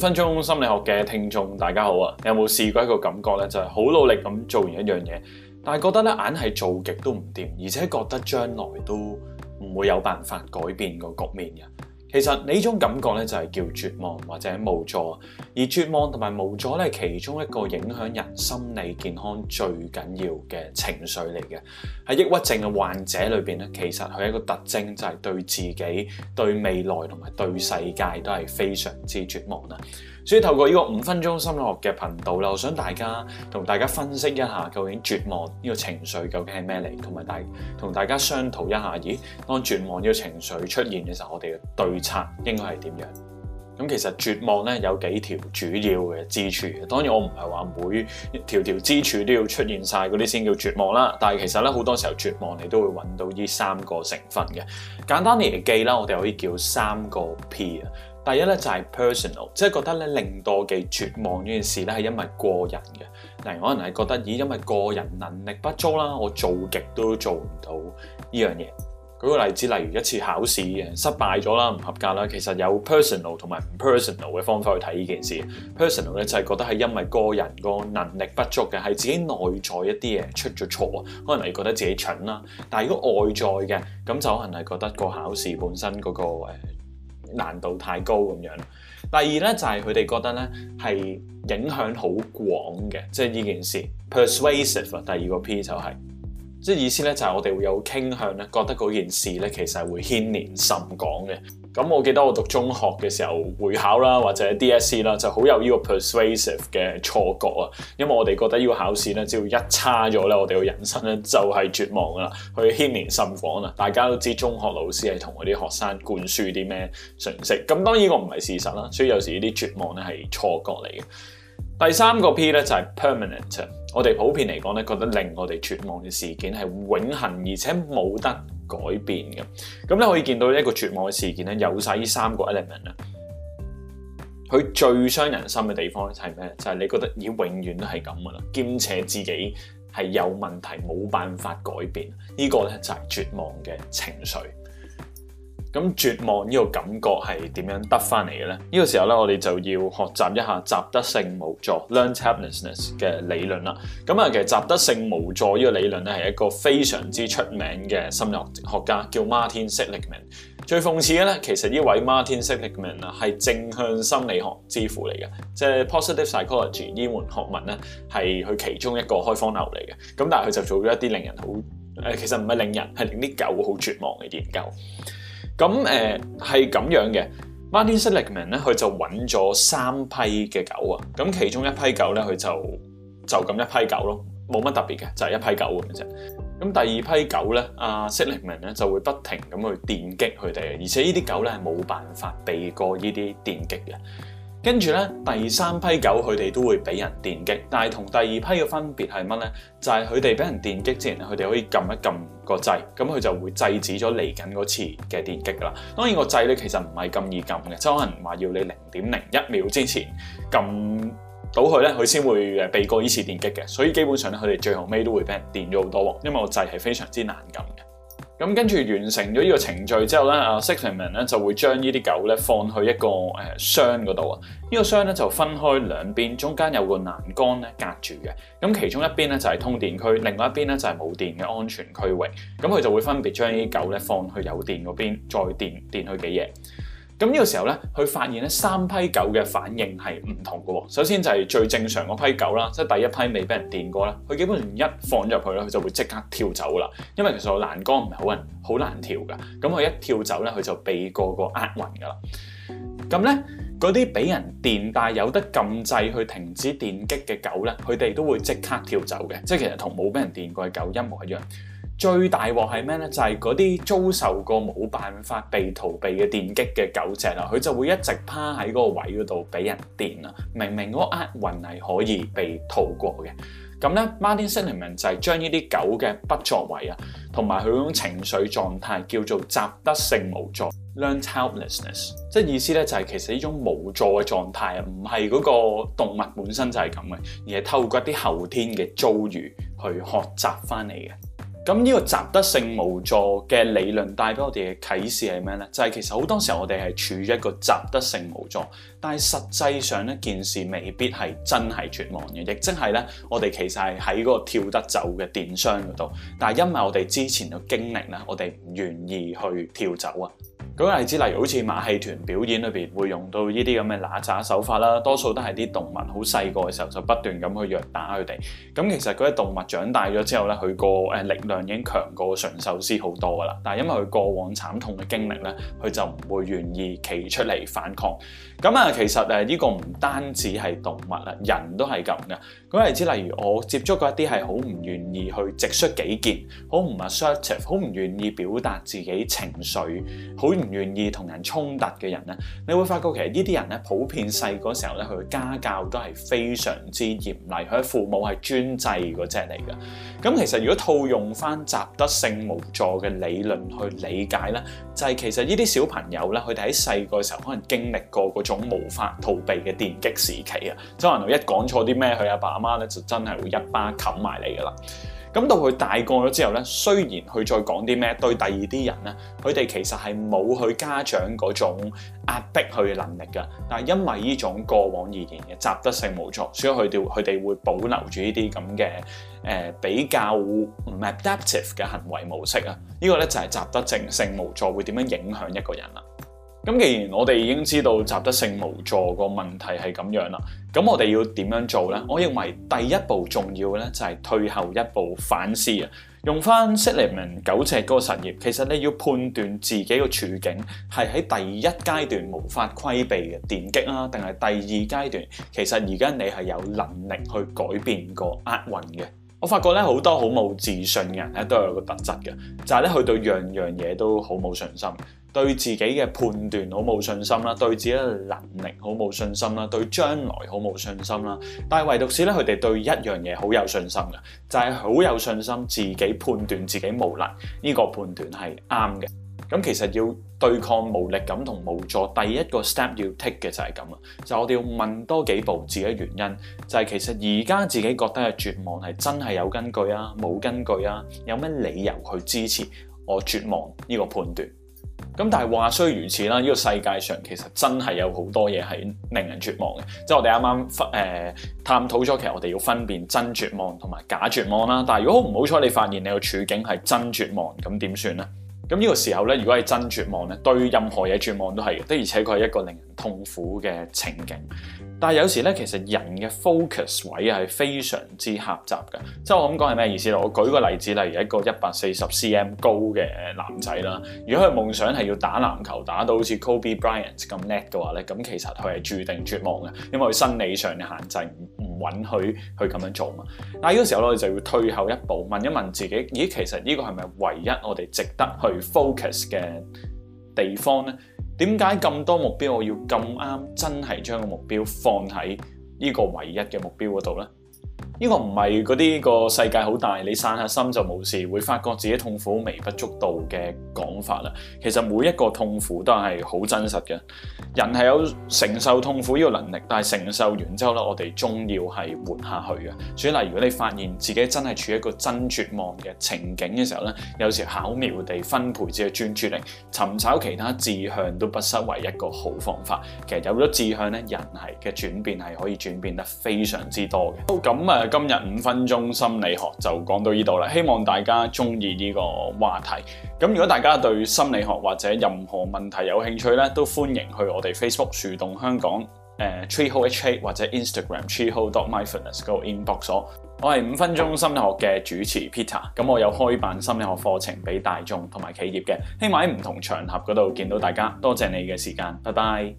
五分鐘心理學嘅聽眾，大家好啊！你有冇試過一個感覺呢？就係、是、好努力咁做完一樣嘢，但係覺得咧硬係做極都唔掂，而且覺得將來都唔會有辦法改變個局面嘅。其實呢種感覺咧就係叫絕望或者無助，而絕望同埋無助咧係其中一個影響人心理健康最緊要嘅情緒嚟嘅。喺抑鬱症嘅患者裏邊咧，其實佢一個特徵就係、是、對自己、對未來同埋對世界都係非常之絕望啦。所以透過呢個五分鐘心理學嘅頻道啦，我想大家同大家分析一下究竟絕望呢個情緒究竟係咩嚟，同埋大同大家商討一下，咦，當絕望呢個情緒出現嘅時候，我哋要對應該係點樣？咁其實絕望咧有幾條主要嘅支柱嘅。當然我唔係話每條條支柱都要出現晒嗰啲先叫絕望啦。但係其實咧好多時候絕望你都會揾到呢三個成分嘅。簡單嚟嚟記啦，我哋可以叫三個 P 啊。第一咧就係、是、personal，即係覺得咧令到嘅絕望呢件事咧係因為個人嘅。但係可能係覺得咦，因為個人能力不足啦，我做極都做唔到呢樣嘢。舉個例子，例如一次考試嘅失敗咗啦，唔合格啦，其實有 personal 同埋唔 personal 嘅方法去睇呢件事。Mm hmm. personal 咧就係覺得係因為個人個能力不足嘅，係自己內在一啲嘢出咗錯啊，可能你覺得自己蠢啦。但係如果外在嘅，咁就可能係覺得個考試本身嗰個誒難度太高咁樣。第二咧就係佢哋覺得咧係影響好廣嘅，即係呢件事 persuasive 啦。Persuasive，第二個 P 就係、是。即係意思咧，就係我哋會有傾向咧，覺得嗰件事咧，其實係會牽連甚廣嘅。咁我記得我讀中學嘅時候，會考啦，或者 DSE 啦，就好有呢個 pervasive 嘅錯覺啊。因為我哋覺得呢個考試咧，只要一差咗咧，我哋嘅人生咧就係絕望噶啦，去牽連甚廣啊。大家都知中學老師係同嗰啲學生灌輸啲咩信息。咁當然呢個唔係事實啦，所以有時呢啲絕望咧係錯覺嚟嘅。第三個 P 咧就係 permanent，我哋普遍嚟講咧覺得令我哋絕望嘅事件係永恆而且冇得改變嘅。咁你可以見到一個絕望嘅事件咧有晒呢三個 element 啊。佢最傷人心嘅地方就係咩？就係你覺得已經永遠都係咁噶啦，兼且自己係有問題冇辦法改變。呢個咧就係絕望嘅情緒。咁絕望呢個感覺係點樣得翻嚟嘅咧？呢、這個時候咧，我哋就要學習一下習得性無助 （learned h a p p i n e s s 嘅理論啦。咁啊，其實習得性無助呢個理論咧，係一個非常之出名嘅心理學學家，叫 Martin Seligman。最諷刺嘅咧，其實呢位 Martin Seligman 啊，係正向心理學之父嚟嘅，即、就、係、是、positive psychology 呢門學問咧，係佢其中一個開創流嚟嘅。咁但係佢就做咗一啲令人好誒、呃，其實唔係令人，係令啲狗好絕望嘅研究。咁誒係咁樣嘅，Martin Seligman 咧，佢就揾咗三批嘅狗啊，咁其中一批狗咧，佢就就咁一批狗咯，冇乜特別嘅，就係、是、一批狗咁啫。咁第二批狗咧，阿、啊、Seligman 咧就會不停咁去電擊佢哋，而且呢啲狗咧冇辦法避過呢啲電擊嘅。跟住咧，第三批狗佢哋都會俾人電擊，但係同第二批嘅分別係乜咧？就係佢哋俾人電擊之前，佢哋可以撳一撳個掣，咁佢就會制止咗嚟緊嗰次嘅電擊㗎啦。當然個掣咧其實唔係咁易撳嘅，即係可能話要你零點零一秒之前撳到佢咧，佢先會誒避過呢次電擊嘅。所以基本上咧，佢哋最後尾都會俾人電咗好多喎，因為個掣係非常之難撳嘅。咁、嗯、跟住完成咗呢個程序之後咧，阿 s,、啊、Seligman 咧就會將呢啲狗咧放去一個誒、呃、箱嗰度啊。呢、這個箱咧就分開兩邊，中間有個欄杆咧隔住嘅。咁其中一邊咧就係、是、通電區，另外一邊咧就係、是、冇電嘅安全區域。咁佢就會分別將呢啲狗咧放去有電嗰邊，再電電去幾夜。咁呢個時候咧，佢發現咧三批狗嘅反應係唔同嘅喎、哦。首先就係最正常嗰批狗啦，即係第一批未俾人電過啦。佢基本上一放入去咧，佢就會即刻跳走啦。因為其實個欄杆唔係好難好難跳嘅，咁佢一跳走咧，佢就避個個呃暈噶啦。咁咧嗰啲俾人電，但係有得撳掣去停止電擊嘅狗咧，佢哋都會即刻跳走嘅，即係其實同冇俾人電過嘅狗一模一樣。最大禍係咩咧？就係嗰啲遭受過冇辦法被逃避嘅電擊嘅狗隻啊，佢就會一直趴喺嗰個位嗰度俾人電啊！明明嗰厄運係可以被逃過嘅，咁咧 Martin s e l i m a n 就係將呢啲狗嘅不作為啊，同埋佢種情緒狀態叫做習得性無助 l e a r n e helplessness），即係意思咧就係其實呢種無助嘅狀態啊，唔係嗰個動物本身就係咁嘅，而係透過啲後天嘅遭遇去學習翻嚟嘅。咁呢個習得性無助嘅理論帶俾我哋嘅啟示係咩呢？就係、是、其實好多時候我哋係處於一個習得性無助，但係實際上呢件事未必係真係絕望嘅，亦即係呢，我哋其實係喺嗰個跳得走嘅電商嗰度，但係因為我哋之前嘅經歷呢，我哋唔願意去跳走啊。舉個例子，例如好似馬戲團表演裏邊會用到呢啲咁嘅拿詐手法啦，多數都係啲動物好細個嘅時候就不斷咁去虐打佢哋。咁其實嗰啲動物長大咗之後咧，佢個誒力量已經強過馴獸師好多噶啦。但係因為佢過往慘痛嘅經歷咧，佢就唔會願意企出嚟反抗。咁啊，其實誒呢個唔單止係動物啦，人都係咁嘅。舉個例子，例如我接觸過一啲係好唔願意去直率己見，好唔 assertive，好唔願意表達自己情緒，好唔～願意同人衝突嘅人咧，你會發覺其實呢啲人咧，普遍細個時候咧，佢嘅家教都係非常之嚴厲，佢父母係專制嗰隻嚟嘅。咁其實如果套用返《習得性無助》嘅理論去理解咧，就係其實呢啲小朋友咧，佢哋喺細個時候可能經歷過嗰種無法逃避嘅電擊時期啊。周文龍一講錯啲咩，佢阿爸阿媽咧就真係會一巴冚埋你㗎喇。咁到佢大個咗之後咧，雖然佢再講啲咩，對第二啲人咧，佢哋其實係冇佢家長嗰種壓迫佢嘅能力噶，但係因為呢種過往而言嘅習得性無助，所以佢哋佢哋會保留住呢啲咁嘅誒比較唔 adaptive 嘅行為模式啊，依、這個咧就係、是、習得性性無助會點樣影響一個人啦。咁既然我哋已經知道習得性無助個問題係咁樣啦，咁我哋要點樣做呢？我認為第一步重要咧就係退後一步反思啊，用翻 Seligman 九隻狗實驗，其實你要判斷自己個處境係喺第一階段無法規避嘅電擊啦，定係第二階段。其實而家你係有能力去改變個厄運嘅。我發覺咧好多好冇自信嘅人咧都有個特質嘅，就係咧佢對樣樣嘢都好冇信心，對自己嘅判斷好冇信心啦，對自己嘅能力好冇信心啦，對將來好冇信心啦，但係唯獨是咧佢哋對一樣嘢好有信心嘅，就係好有信心自己判斷自己無能，呢個判斷係啱嘅。咁其實要對抗無力感同無助，第一個 step 要 take 嘅就係咁啊，就我哋要問多幾步自己原因，就係其實而家自己覺得嘅絕望係真係有根據啊，冇根據啊，有咩理由去支持我絕望呢個判斷？咁但係話雖如此啦，呢個世界上其實真係有好多嘢係令人絕望嘅，即係我哋啱啱分誒探討咗，其實我哋要分辨真絕望同埋假絕望啦。但係如果唔好彩你發現你個處境係真絕望，咁點算咧？咁呢個時候咧，如果係真絕望咧，對任何嘢絕望都係嘅，的而且佢係一個令人痛苦嘅情景。但係有時咧，其實人嘅 focus 位係非常之狹窄嘅。即係我咁講係咩意思咧？我舉個例子，例如一個一百四十 cm 高嘅男仔啦，如果佢夢想係要打籃球打到好似 Kobe Bryant 咁叻嘅話咧，咁其實佢係注定絕望嘅，因為佢生理上嘅限制唔允許佢咁樣做嘛。嗱，呢個時候咧，我哋就要退後一步，問一問自己：咦，其實呢個係咪唯一我哋值得去 focus 嘅地方咧？點解咁多目標，我要咁啱真係將個目標放喺呢個唯一嘅目標嗰度呢？呢個唔係嗰啲個世界好大，你散下心就冇事，會發覺自己痛苦微不足道嘅講法啦。其實每一個痛苦都係好真實嘅，人係有承受痛苦呢個能力，但係承受完之後咧，我哋終要係活下去嘅。所以，例如果你發現自己真係處於一個真絕望嘅情景嘅時候咧，有時巧妙地分配自己專注力，尋找其他志向都不失為一個好方法。其實有咗志向咧，人係嘅轉變係可以轉變得非常之多嘅。咁啊～今日五分鐘心理學就講到呢度啦，希望大家中意呢個話題。咁如果大家對心理學或者任何問題有興趣呢，都歡迎去我哋 Facebook 樹洞香港誒、呃、TreeholeHA 或者 Instagram Treehole.MyFitnessGo inbox。我係五分鐘心理學嘅主持 Peter。咁我有開辦心理學課程俾大眾同埋企業嘅，希望喺唔同場合嗰度見到大家。多謝你嘅時間，拜拜。